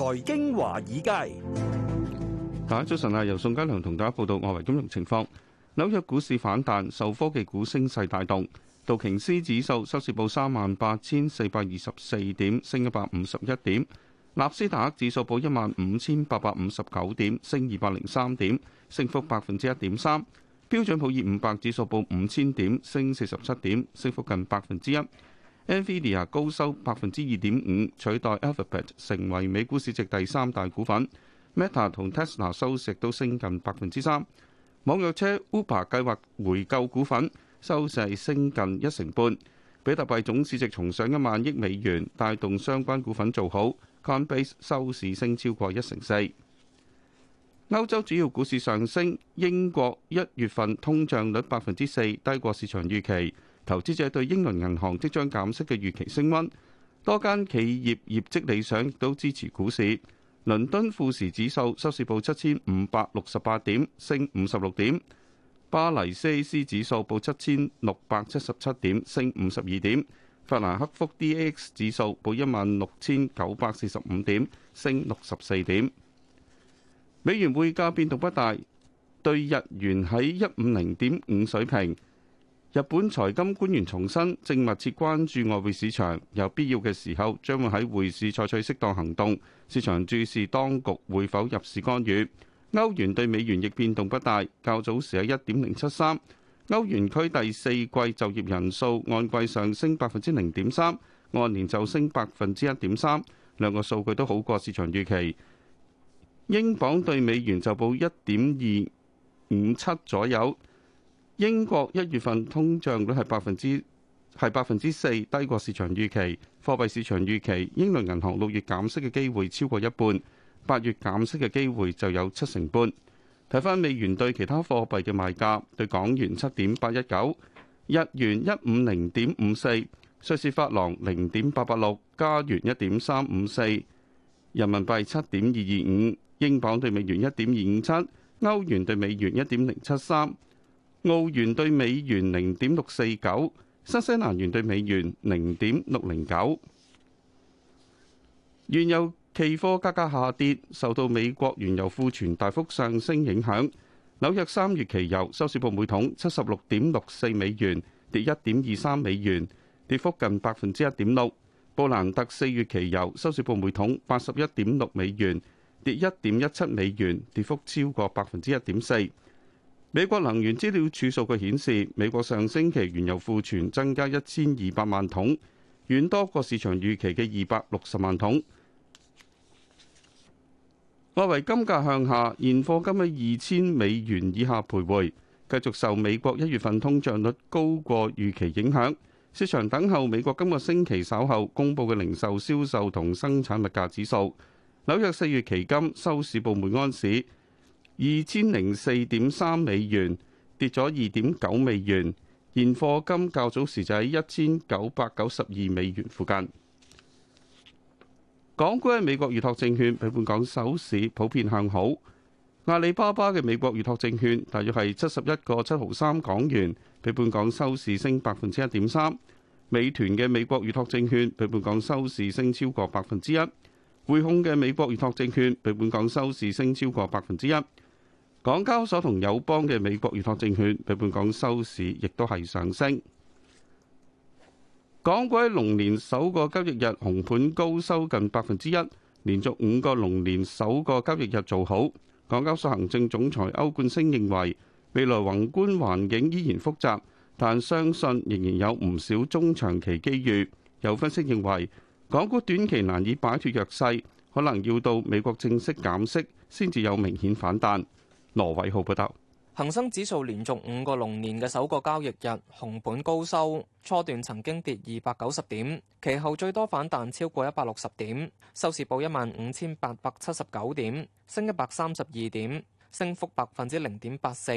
財經華爾街，大家早晨啊！由宋家良同大家報道外圍金融情況。紐約股市反彈，受科技股升勢帶動。道瓊斯指數收市報三萬八千四百二十四點，升一百五十一點。納斯達克指數報一萬五千八百五十九點，升二百零三點，升幅百分之一點三。標準普爾五百指數報五千點，升四十七點，升幅近百分之一。Nvidia 高收百分之二點五，取代 Alphabet 成為美股市值第三大股份。Meta 同 Tesla 收息都升近百分之三。網約車 Uber 計劃回購股份，收勢升近一成半。比特幣總市值重上一萬億美元，帶動相關股份做好。Coinbase 收市升超過一成四。歐洲主要股市上升，英國一月份通脹率百分之四，低過市場預期。投資者對英倫銀行即將減息嘅預期升溫，多間企業業績理想亦都支持股市。倫敦富時指數收市報七千五百六十八點，升五十六點；巴黎 CAC 指數報七千六百七十七點，升五十二點；法蘭克福 DAX 指數報一萬六千九百四十五點，升六十四點。美元匯價變動不大，對日元喺一五零點五水平。日本財金官員重申正密切關注外匯市場，有必要嘅時候將會喺匯市採取適當行動。市場注視當局會否入市干預。歐元對美元亦變動不大，較早時係一點零七三。歐元區第四季就業人數按季上升百分之零點三，按年就升百分之一點三，兩個數據都好過市場預期。英鎊對美元就報一點二五七左右。英國一月份通脹率係百分之係百分之四，低過市場預期。貨幣市場預期，英倫銀行六月減息嘅機會超過一半，八月減息嘅機會就有七成半。睇返美元對其他貨幣嘅賣價，對港元七點八一九，日元一五零點五四，瑞士法郎零點八八六，加元一點三五四，人民幣七點二二五，英鎊對美元一點二五七，歐元對美元一點零七三。澳元兌美元零點六四九，新西蘭元兌美元零點六零九。原油期貨價格下跌，受到美國原油庫存大幅上升影響。紐約三月期油收市報每桶七十六點六四美元，跌一點二三美元，跌幅近百分之一點六。布蘭特四月期油收市報每桶八十一點六美元，跌一點一七美元，跌幅超過百分之一點四。美國能源資料處數據顯示，美國上星期原油庫存增加一千二百萬桶，遠多過市場預期嘅二百六十萬桶。外圍金價向下，現貨金喺二千美元以下徘徊，繼續受美國一月份通脹率高過預期影響。市場等候美國今個星期稍後公佈嘅零售銷售同生產物價指數。紐約四月期金收市報每安士。二千零四點三美元，跌咗二點九美元，現貨金較早時就喺一千九百九十二美元附近。港股嘅美國預託證券，比本港收市普遍向好。阿里巴巴嘅美國預託證券，大約係七十一個七毫三港元，比本港收市升百分之一點三。美團嘅美國預託證券，比本港收市升超過百分之一。匯控嘅美國預託證券，比本港收市升超過百分之一。港交所同友邦嘅美國預託證券，比本港收市亦都係上升。港股喺龍年首個交易日紅盤高收近百分之一，連續五個龍年首個交易日做好。港交所行政總裁歐冠昇認為，未來宏觀環境依然複雜，但相信仍然有唔少中長期機遇。有分析認為，港股短期難以擺脱弱勢，可能要到美國正式減息先至有明顯反彈。羅偉浩報道，恒生指數連續五個龍年嘅首個交易日，紅盤高收，初段曾經跌二百九十點，其後最多反彈超過一百六十點，收市報一萬五千八百七十九點，升一百三十二點。升幅百分之零點八四，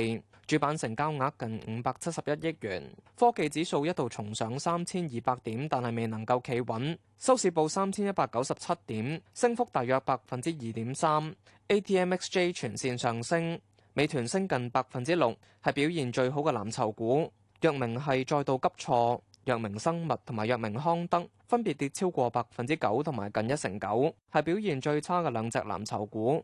主板成交額近五百七十一億元。科技指數一度重上三千二百點，但係未能夠企穩，收市報三千一百九十七點，升幅大約百分之二點三。ATMXJ 全線上升，美團升近百分之六，係表現最好嘅藍籌股。藥明系再度急挫，藥明生物同埋藥明康德分別跌超過百分之九同埋近一成九，係表現最差嘅兩隻藍籌股。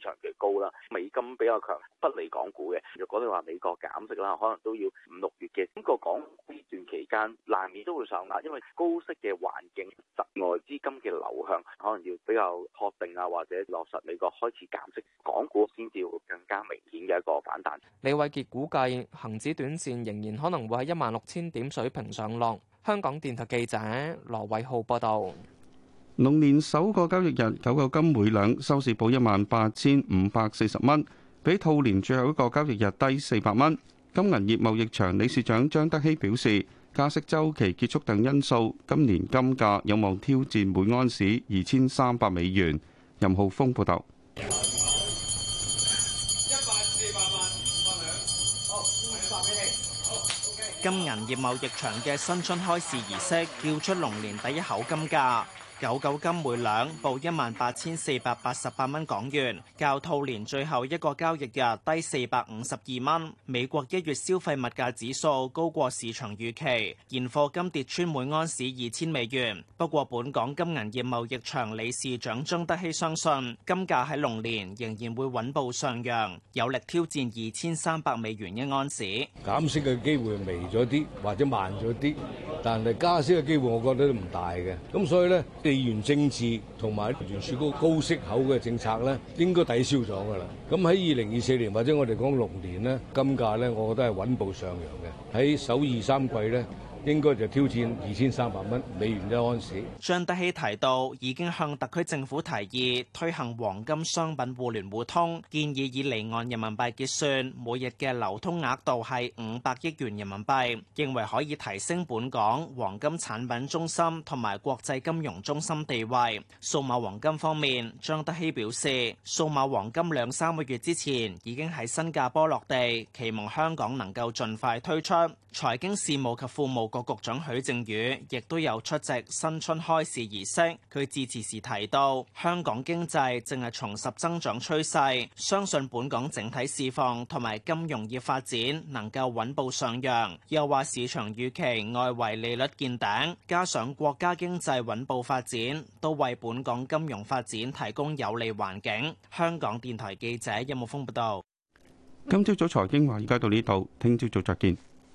長期高啦，美金比較強，不利港股嘅。如果你話美國減息啦，可能都要五六月嘅。咁個港呢段期間難免都會上壓，因為高息嘅環境，室外資金嘅流向可能要比較確定啊，或者落實美國開始減息，港股先至會更加明顯嘅一個反彈。李偉杰估計恒指短綫仍然可能會喺一萬六千點水平上落。香港電台記者羅偉浩報道。龍年首個交易日，九九金每兩收市報一萬八千五百四十蚊，比兔年最後一個交易日低四百蚊。金銀業貿易場理事長張德熙表示，加息週期結束等因素，今年金價有望挑戰每安士二千三百美元。任浩峰報導。一萬四萬萬五萬兩，好，五萬一萬俾你。好，金銀業貿易場嘅新春開市儀式，叫出龍年第一口金價。九九金每兩報一萬八千四百八十八蚊港元，較兔年最後一個交易日低四百五十二蚊。美國一月消費物價指數高過市場預期，現貨金跌穿每安士二千美元。不過，本港金銀業貿易場理事長張德熙相信，金價喺龍年仍然會穩步上揚，有力挑戰二千三百美元一安士。減息嘅機會微咗啲，或者慢咗啲，但係加息嘅機會，我覺得都唔大嘅。咁所以呢。地緣政治同埋原處高高息口嘅政策咧，應該抵消咗噶啦。咁喺二零二四年或者我哋講龍年咧，金價咧，我覺得係穩步上揚嘅。喺首二三季咧。應該就挑戰二千三百蚊美元一盎司。張德熙提到，已經向特區政府提議推行黃金商品互聯互通，建議以離岸人民幣結算，每日嘅流通額度係五百億元人民幣，認為可以提升本港黃金產品中心同埋國際金融中心地位。數碼黃金方面，張德熙表示，數碼黃金兩三個月之前已經喺新加坡落地，期望香港能夠盡快推出。財經事務及庫務局局長許正宇亦都有出席新春開市儀式，佢致辭時提到，香港經濟正係重拾增長趨勢，相信本港整體市況同埋金融業發展能夠穩步上揚。又話市場預期外圍利率見頂，加上國家經濟穩步發展，都為本港金融發展提供有利環境。香港電台記者任木峰報道。今朝早財經話而家到呢度，聽朝早,早再見。